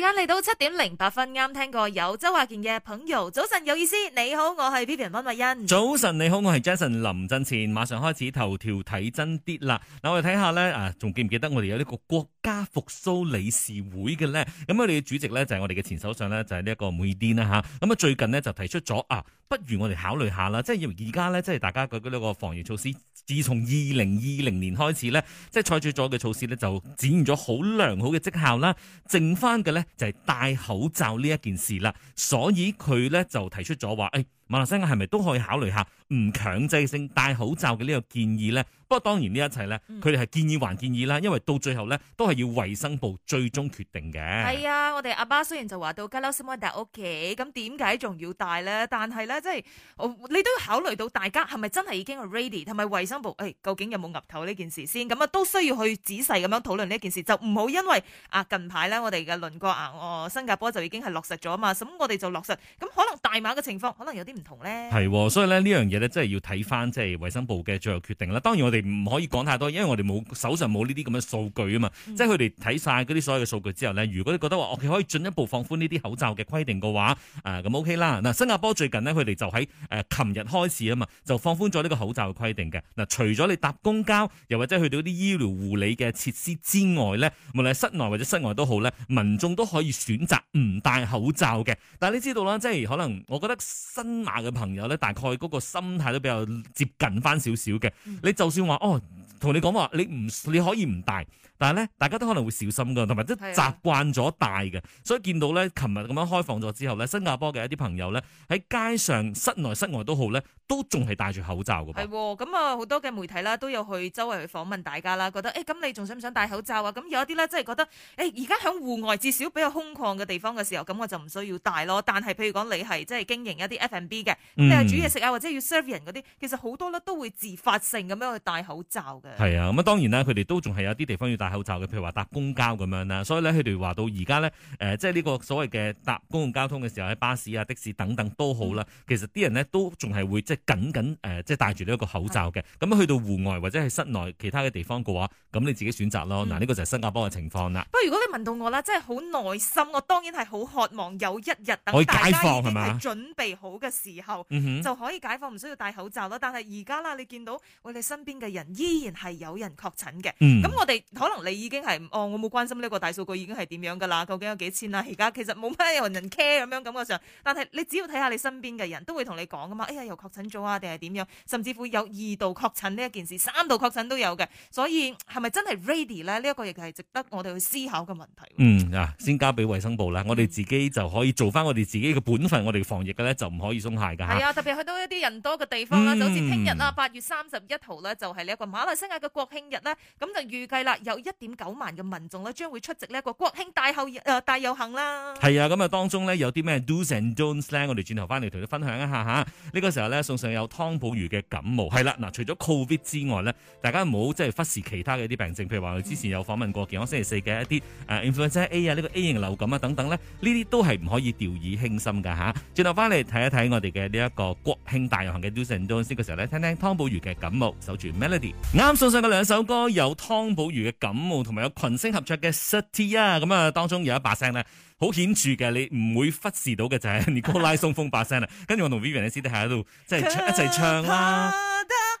而家嚟到七點零八分，啱聽過有周華健嘅《朋友》。早晨有意思，你好，我係 P e Y 溫慧恩。芋芋早晨你好，我係 Jason 林振前。馬上開始頭條睇真啲啦。嗱，我哋睇下咧，啊，仲、啊、記唔記得我哋有呢個國家復蘇理事會嘅咧？咁、啊、我哋嘅主席咧就係我哋嘅前首相咧，就係呢一個梅甸啦吓。咁啊，啊，最近呢，就提出咗啊，不如我哋考慮下啦。即係而家咧，即係大家嗰啲呢個防疫措施，自從二零二零年開始咧，即係採取咗嘅措施咧，就展現咗好良好嘅績效啦。剩翻嘅咧。就係戴口罩呢一件事啦，所以佢咧就提出咗話，誒、哎。馬來西亞係咪都可以考慮下唔強制性戴口罩嘅呢個建議呢？不過當然呢一切呢，佢哋係建議還建議啦，因為到最後呢都係要衞生部最終決定嘅。係啊，我哋阿爸雖然就話到吉拉斯摩戴屋企，咁點解仲要戴呢？但係呢，即係你都要考慮到大家係咪真係已經 ready，係咪衞生部、哎、究竟有冇岌頭呢件事先？咁、嗯、啊都需要去仔細咁樣討論呢件事，就唔好因為啊近排呢我哋嘅鄰國啊、哦、新加坡就已經係落實咗啊嘛，咁我哋就落實，咁可能大馬嘅情況可能有啲。唔同咧，係，所以咧呢樣嘢咧，真係要睇翻即係衛生部嘅最後決定啦。當然我哋唔可以講太多，因為我哋冇手上冇呢啲咁嘅數據啊嘛。嗯、即係佢哋睇晒嗰啲所有嘅數據之後呢，如果你覺得話我哋可以進一步放寬呢啲口罩嘅規定嘅話，誒、呃、咁 OK 啦。嗱，新加坡最近呢，佢哋就喺誒琴日開始啊嘛，就放寬咗呢個口罩嘅規定嘅。嗱，除咗你搭公交又或者去到啲醫療護理嘅設施之外呢，無論係室內或者室外都好呢，民眾都可以選擇唔戴口罩嘅。但係你知道啦，即係可能我覺得新。大嘅朋友咧，大概嗰個心態都比較接近翻少少嘅。 你就算話哦，同你講話，你唔你可以唔大。但係咧，大家都可能會小心㗎，同埋都習慣咗戴嘅，是的 所以見到咧，琴日咁樣開放咗之後咧，新加坡嘅一啲朋友咧喺街上、室內、室外都好咧，都仲係戴住口罩㗎。係咁啊，好多嘅媒體啦，都有去周圍去訪問大家啦，覺得誒，咁，欸，你仲想唔想戴口罩啊？咁有一啲咧，即係覺得誒，而家喺戶外至少比較空曠嘅地方嘅時候，咁我就唔需要戴咯。但係譬如講你係即係經營一啲 F&B 嘅，你係煮嘢食啊，或者要 serve 人嗰啲，其實好多咧都會自發性咁樣去戴口罩嘅。係啊，咁啊當然啦，佢哋都仲係有啲地方要戴。口罩嘅，譬如話搭公交咁樣啦，所以咧，佢哋話到而家咧，誒，即係呢個所謂嘅搭公共交通嘅時候，喺巴士啊、的士等等都好啦。其實啲人咧都仲係會即係緊緊誒，即係戴住呢一個口罩嘅。咁、嗯、去到戶外或者係室內其他嘅地方嘅話，咁你自己選擇咯。嗱、嗯，呢個就係新加坡嘅情況啦。不過如果你問到我啦，真係好耐心，我當然係好渴望有一日等大家解放，係嘛？準備好嘅時候就可以解放，唔需要戴口罩啦。但係而家啦，你見到我哋身邊嘅人依然係有人確診嘅，咁、嗯、我哋可能。你已經係哦，我冇關心呢個大數據已經係點樣噶啦，究竟有幾千啦、啊？而家其實冇咩人 care 咁樣感覺上，但係你只要睇下你身邊嘅人都會同你講噶嘛。哎呀，又確診咗啊，定係點樣？甚至乎有二度確診呢一件事，三度確診都有嘅。所以係咪真係 ready 呢？呢、呢、一個亦係值得我哋去思考嘅問題。嗯、先交俾衞生部啦。嗯、我哋自己就可以做翻我哋自己嘅本分，我哋防疫嘅咧就唔可以鬆懈噶。係啊，特別去到一啲人多嘅地方啦，好似聽日啦，八月三十一號呢，就係呢一個馬來西亞嘅國慶日呢。咁就預計啦有一一點九萬嘅民眾咧，將會出席呢一個國慶大后誒、呃、大遊行啦。係啊，咁啊當中呢，有啲咩 Do’s and Don’ts 咧，我哋轉頭翻嚟同你分享一下吓。呢、這個時候咧送上有湯寶如嘅感冒，係啦，嗱，除咗 COVID 之外呢，大家唔好即係忽視其他嘅一啲病症，譬如話我之前有訪問過健康星期四嘅一啲誒 Influenza A 啊，呢、這個 A 型流感啊，等等呢，呢啲都係唔可以掉以輕心噶吓。轉頭翻嚟睇一睇我哋嘅呢一個國慶大遊行嘅 Do’s and Don’ts，呢個時候咧聽聽湯寶如嘅感冒，守住 Melody，啱送上嘅兩首歌有湯寶如嘅感冒。同埋有群星合唱嘅 City 啊，咁啊當中有一把聲咧，好顯著嘅，你唔會忽視到嘅就係尼古拉松風把聲啊，跟住我同 Vivian 呢先都喺度即係一齊唱、啊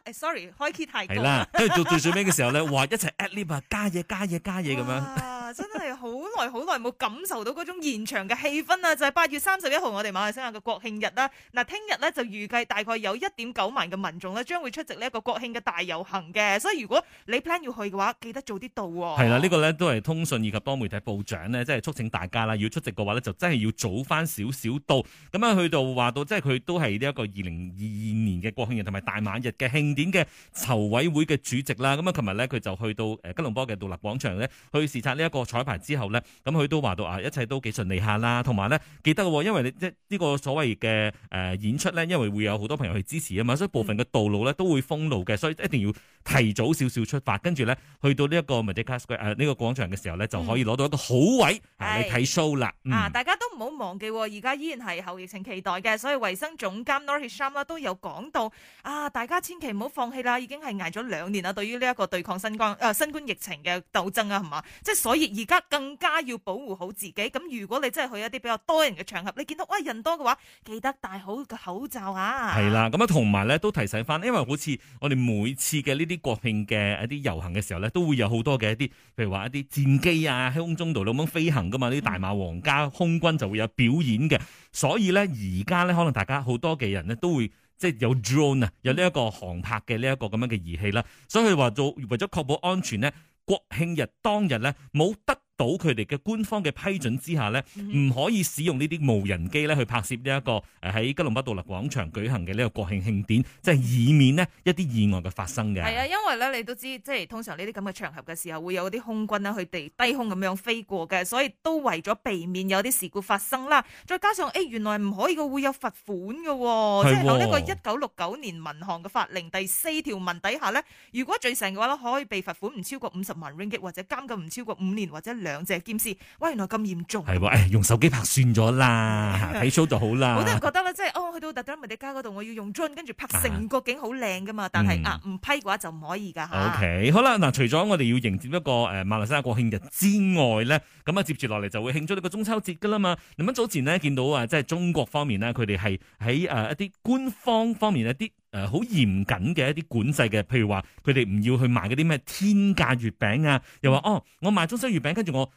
哎、sorry, 啦。誒，sorry，開 key 太高。係啦，跟住到最尾嘅時候咧， 哇，一齊 ad lib 啊，加嘢加嘢加嘢咁樣。 真係好耐好耐冇感受到嗰種現場嘅氣氛啦！就係八月三十一號，我哋馬來西亞嘅國慶日啦。嗱，聽日呢，就預計大概有一點九萬嘅民眾呢，將會出席呢一個國慶嘅大遊行嘅。所以如果你 plan 要去嘅話，記得早啲到喎。係啦，呢個呢都係通訊以及多媒體部長呢，即係促請大家啦，要出席嘅話呢，就真係要早翻少少到。咁樣，去到話到，即係佢都係呢一個二零二二年嘅國慶日同埋大晚日嘅慶典嘅籌委會嘅主席啦。咁啊，琴日呢，佢就去到誒吉隆坡嘅獨立廣場呢，去視察呢一個彩排之後呢，咁佢都話到啊，一切都幾順利下啦。同埋呢，記得、哦，因為你即呢個所謂嘅誒演出呢，因為會有好多朋友去支持啊嘛，所以部分嘅道路呢都會封路嘅，所以一定要提早少少出發，跟住呢，去到呢一個 Medical Square、呃呢個廣場嘅時候呢，就可以攞到一個好位嚟睇是 show 啦、嗯啊 Sh。啊，大家都唔好忘記，而家依然係後疫情期待嘅，所以衞生總監 Nurse Sam 都有講到啊，大家千祈唔好放棄啦，已經係挨咗兩年啦，對於呢一個對抗新冠誒新冠疫情嘅鬥爭啊，係嘛？即係所以。而家更加要保護好自己。咁如果你真係去一啲比較多人嘅場合，你見到哇、哎、人多嘅話，記得戴好個口罩啊！係啦，咁樣同埋咧都提醒翻，因為好似我哋每次嘅呢啲國慶嘅一啲遊行嘅時候咧，都會有好多嘅一啲，譬如話一啲戰機啊喺空中度咁樣飛行噶嘛，呢啲大馬皇家空軍就會有表演嘅。所以咧，而家咧可能大家好多嘅人呢，都會即係、就是、有 drone 啊，有呢一個航拍嘅呢一個咁樣嘅儀器啦。所以佢話做為咗確保安全呢。國慶日當日咧，冇得。到佢哋嘅官方嘅批准之下咧，唔可以使用呢啲無人機咧去拍攝呢一個誒喺吉隆坡獨立廣場舉行嘅呢個國慶慶典，即係以免咧一啲意外嘅發生嘅。係啊，因為咧你都知，即係通常呢啲咁嘅場合嘅時候，會有啲空軍啦佢哋低空咁樣飛過嘅，所以都為咗避免有啲事故發生啦。再加上誒，原來唔可以嘅會有罰款嘅，即係喺呢個一九六九年民航嘅法令第四條文底下咧，如果罪成嘅話咧，可以被罰款唔超過五十萬 ringgit，或者監禁唔超過五年或者兩。兩隻劍士，喂，原來咁嚴重，係喎，誒、哎，用手機拍算咗啦，睇、嗯、show 就好啦。好多人覺得咧，即係哦，去到 Dataran Merdeka 嗰度，我要用 drone，跟住拍成個景好靚噶嘛，但係啊唔批嘅話就唔可以噶。OK，好啦，嗱，除咗我哋要迎接一個誒馬來西亞國慶日之外咧，咁啊、嗯、接住落嚟就會慶祝呢個中秋節噶啦嘛。咁啊早前咧見到啊，即係中國方面咧，佢哋係喺誒一啲官方方面一啲。誒好、呃、嚴謹嘅一啲管制嘅，譬如話佢哋唔要去賣嗰啲咩天價月餅啊，又話哦，我賣中秋月餅，跟住我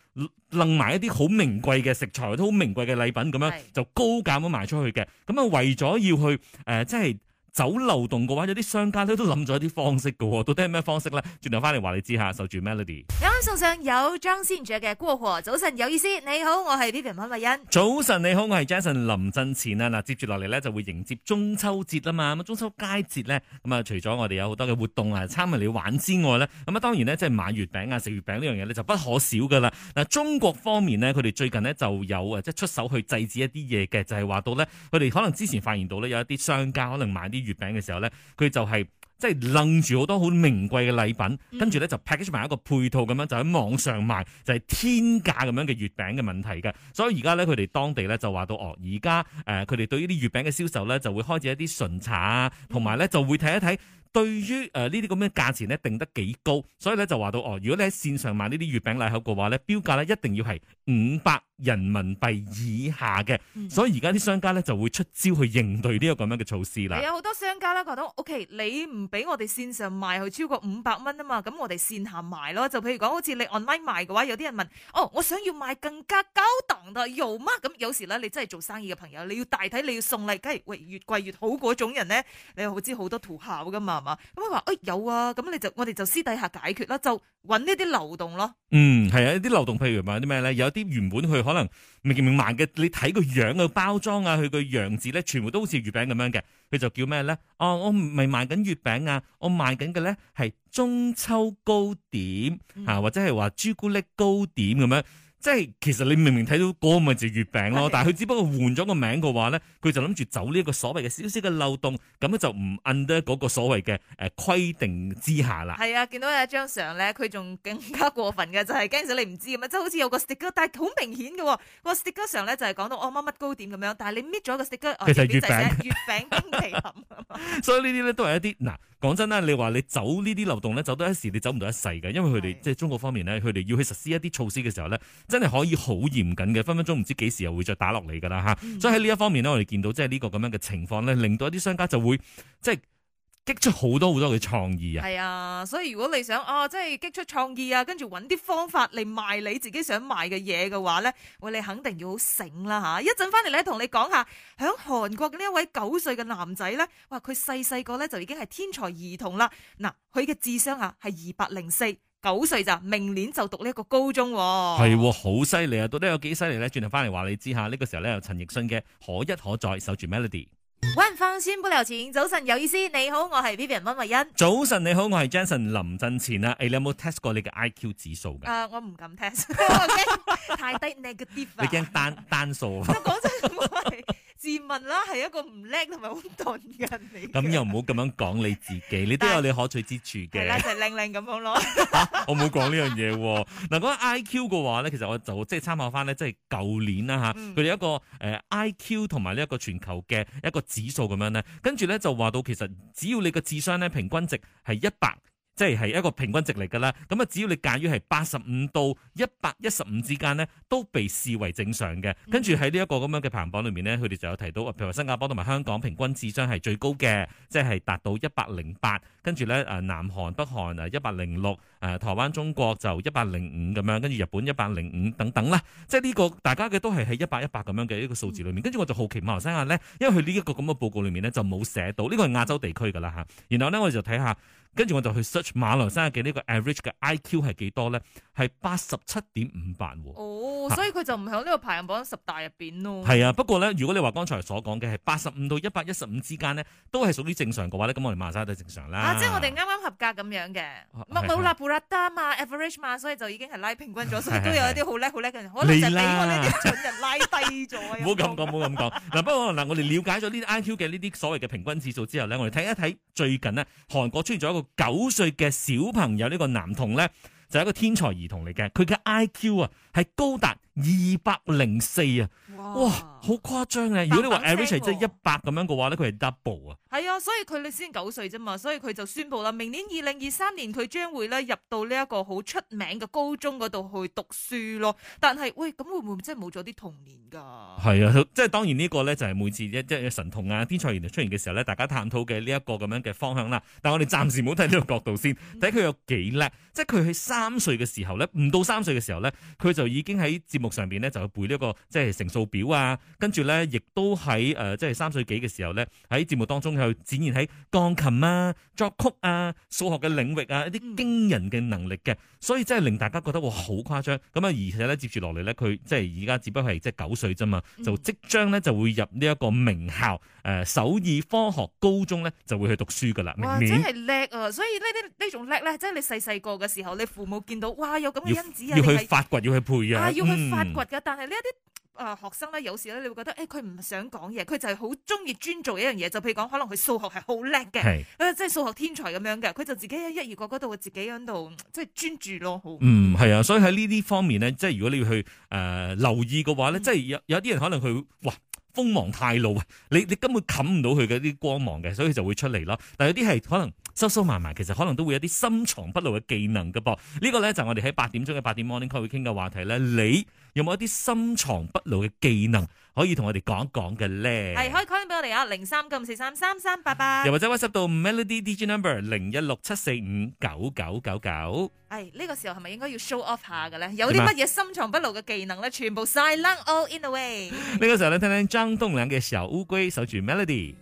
掹埋一啲好名貴嘅食材，都好名貴嘅禮品咁樣就高價咁賣出去嘅，咁啊為咗要去誒即係。呃走漏洞嘅話，有啲商家咧都諗咗一啲方式嘅喎、哦，到底係咩方式咧？轉頭翻嚟話你知下守住 Melody。有位送上有張先俊嘅過河早晨有意思。你好，我係啲平文慧欣。早晨你好，我係 Jason。臨陣前啊，嗱接住落嚟咧就會迎接中秋節啦嘛。咁中秋佳節咧，咁啊除咗我哋有好多嘅活動啊，參與你玩之外咧，咁啊當然咧即係買月餅啊、食月餅呢樣嘢咧就不可少嘅啦。嗱，中國方面咧，佢哋最近呢，就有誒即係出手去制止一啲嘢嘅，就係話到咧，佢哋可能之前發現到咧有一啲商家可能買啲。月餅嘅時候咧，佢就係、是、即係楞住好多好名貴嘅禮品，跟住咧就 package 埋一個配套咁樣，就喺網上賣，就係、是、天價咁樣嘅月餅嘅問題嘅。所以而家咧，佢哋當地咧就話到，哦、呃，而家誒，佢、呃、哋對呢啲月餅嘅銷售咧，就會開始一啲巡查啊，同埋咧就會睇一睇。對於誒呢啲咁嘅價錢咧定得幾高，所以咧就話到哦，如果你喺線上買呢啲月餅禮盒嘅話咧，標價咧一定要係五百人民幣以下嘅， 所以而家啲商家咧就會出招去應對呢個咁樣嘅措施啦。係啊，好多商家咧覺得 OK，你唔俾我哋線上賣去超過五百蚊啊嘛，咁我哋線下賣咯。就譬如講，好似你 online 賣嘅話，有啲人問哦，我想要買更加高檔嘅，肉乜？」咁有時咧，你真係做生意嘅朋友，你要大體，你要送禮，梗係喂越貴越好嗰種人咧，你我知好多屠拋㗎嘛。嘛，咁佢話誒有啊，咁你就我哋就私底下解決啦，就搵呢啲漏洞咯。嗯，係啊，啲漏洞，譬如話啲咩咧？有啲原本佢可能明明賣嘅，你睇個樣啊、包裝啊，佢個樣子咧，全部都好似月餅咁樣嘅，佢就叫咩咧？哦，我唔係賣緊月餅啊，我賣緊嘅咧係中秋糕點啊，嗯、或者係話朱古力糕點咁樣。即係其實你明明睇到個咪就月餅咯，的但係佢只不過換咗個名嘅話咧，佢就諗住走呢一個所謂嘅少少嘅漏洞，咁咧就唔按得嗰個所謂嘅誒規定之下啦。係啊，見到有一張相咧，佢仲更加過分嘅就係、是、驚你唔知咁啊！即、就、係、是、好似有個 sticker 但係好明顯嘅喎、哦，個 sticker 上咧就係、是、講到我乜乜糕點咁樣，但係你搣咗個 sticker 其實月餅、哦，月餅冰淇 所以呢啲咧都係一啲嗱，講真啦，你話你走呢啲漏洞咧，走得一時，你走唔到一世嘅，因為佢哋的即係中國方面咧，佢哋要去實施一啲措施嘅時候咧。真係可以好嚴謹嘅，分分鐘唔知幾時又會再打落嚟噶啦吓。嗯、所以喺呢一方面咧，我哋見到即係呢個咁樣嘅情況咧，令到一啲商家就會即係激出好多好多嘅創意啊。係啊，所以如果你想哦、啊，即係激出創意啊，跟住揾啲方法嚟賣你自己想賣嘅嘢嘅話咧，喂，你肯定要醒啦吓。一陣翻嚟咧，同你講下響韓國嘅呢一位九歲嘅男仔咧，哇！佢細細個咧就已經係天才兒童啦。嗱，佢嘅智商啊係二百零四。九歲咋，明年就讀呢一個高中、哦，係，好犀利啊！到底有幾犀利咧？轉頭翻嚟話你知下，呢、這個時候咧，有陳奕迅嘅可一可再，守住 melody。温放先不留錢，早晨有意思，你好，我係 Vivian 温慧欣。早晨你好，我係 Jason 林振前啊！誒，你有冇 test 過你嘅 IQ 指數嘅？誒、呃，我唔敢 test， 太低 negative 你嘅 g a 你驚單 單數啊？我講真，冇係。自問啦，係一個唔叻同埋好鈍嘅人嚟。咁又唔好咁樣講你自己， 你都有你可取之處嘅。就係靚靚咁樣咯。我唔好講呢樣嘢喎。嗱，講 I Q 嘅話咧，其實我就即係參考翻咧，即係舊年啦嚇，佢哋一個誒 I Q 同埋呢一個全球嘅一個指數咁樣咧，跟住咧就話到其實只要你嘅智商咧，平均值係一百。即係一個平均值嚟噶啦，咁啊只要你介於係八十五到一百一十五之間呢，都被視為正常嘅。跟住喺呢一個咁樣嘅排行榜裏面呢，佢哋就有提到，譬如話新加坡同埋香港平均智商係最高嘅，即係達到一百零八。跟住呢，誒南韓、北韓誒一百零六，誒台灣、中國就一百零五咁樣，跟住日本一百零五等等啦。即係呢個大家嘅都係喺一百一百咁樣嘅一個數字裏面。跟住我就好奇馬來西亞呢，因為佢呢一個咁嘅報告裏面呢，就冇寫到，呢個係亞洲地區噶啦吓。然後呢，我就睇下。跟住我就去 search 馬來西亞嘅呢個 average 嘅 IQ 係幾多咧？係八十七點五八喎。哦，所以佢就唔響呢個排行榜十大入邊咯。係啊，不過咧，如果你話剛才所講嘅係八十五到一百一十五之間咧，都係屬於正常嘅話咧，咁我哋馬來西亞都係正常啦。即係我哋啱啱合格咁樣嘅，唔冇啦布拉德嘛，average 嘛，所以就已經係拉平均咗，所以都有一啲好叻好叻嘅人，可能就俾我呢啲蠢人拉低咗。唔好咁講，唔好咁講。嗱，不過嗱，我哋了解咗呢啲 IQ 嘅呢啲所謂嘅平均指數之後咧，我哋睇一睇最近呢，韓國出現咗一個。九歲嘅小朋友呢個男童咧，就係一個天才兒童嚟嘅，佢嘅 I Q 啊係高達。二百零四啊！哇，好誇張啊！如果你話 average 即係一百咁樣嘅話咧，佢係 double 啊。係啊，啊，所以佢你先九歲啫嘛，所以佢就宣布啦，明年二零二三年佢將會咧入到呢一個好出名嘅高中嗰度去讀書咯。但係喂，咁會唔會真係冇咗啲童年噶？係啊，即係當然呢個咧就係每次一即神童啊、天才原來出現嘅時候咧，大家探討嘅呢一個咁樣嘅方向啦。但係我哋暫時唔好睇呢個角度先，睇佢 有幾叻。即係佢喺三歲嘅時候咧，唔到三歲嘅時候咧，佢就已經喺接。目上邊咧就去背呢、這、一個即係乘數表啊，跟住咧亦都喺誒、呃、即係三歲幾嘅時候咧喺節目當中去展現喺鋼琴啊作曲啊數學嘅領域啊一啲驚人嘅能力嘅，所以真係令大家覺得哇好誇張咁啊！而且咧接住落嚟咧佢即係而家只不過係即係九歲啫嘛，就即將咧就會入呢一個名校誒、呃、首爾科學高中咧就會去讀書噶啦，明，哇真係叻啊！所以呢啲呢種叻咧，即係你細細個嘅時候你父母見到哇有咁嘅因子啊要，要去發掘要去培養啊，要去。發掘嘅，嗯、但係呢一啲誒、呃、學生咧，有時咧你會覺得，誒佢唔想講嘢，佢就係好中意專做一樣嘢。就譬如講，可能佢數學係好叻嘅，誒是、呃、即係數學天才咁樣嘅，佢就自己喺一、二個嗰度，自己喺度即係專注咯。好嗯，係啊，所以喺呢啲方面咧，即係如果你要去誒、呃、留意嘅話咧，嗯、即係有有啲人可能佢哇鋒芒太露啊，你你根本冚唔到佢嘅啲光芒嘅，所以佢就會出嚟啦。但係有啲係可能。收收埋埋，其實可能都會有啲深藏不露嘅技能㗎噃。這個、呢個咧就是、我哋喺八點鐘嘅八點 Morning Call 會傾嘅話題咧，你有冇一啲深藏不露嘅技能可以同我哋講一講嘅咧？係可以 call 俾我哋啊，零三九四三三三，八八，又或者 WhatsApp 到 Melody DJ Number 零一六七四五九九九九。係呢、哎這個時候係咪應該要 show off 下嘅咧？有啲乜嘢深藏不露嘅技能咧？全部 silent all in a way。呢麼個時候嚟聽，聽聽張棟梁嘅時候，烏龜守，守住 Melody。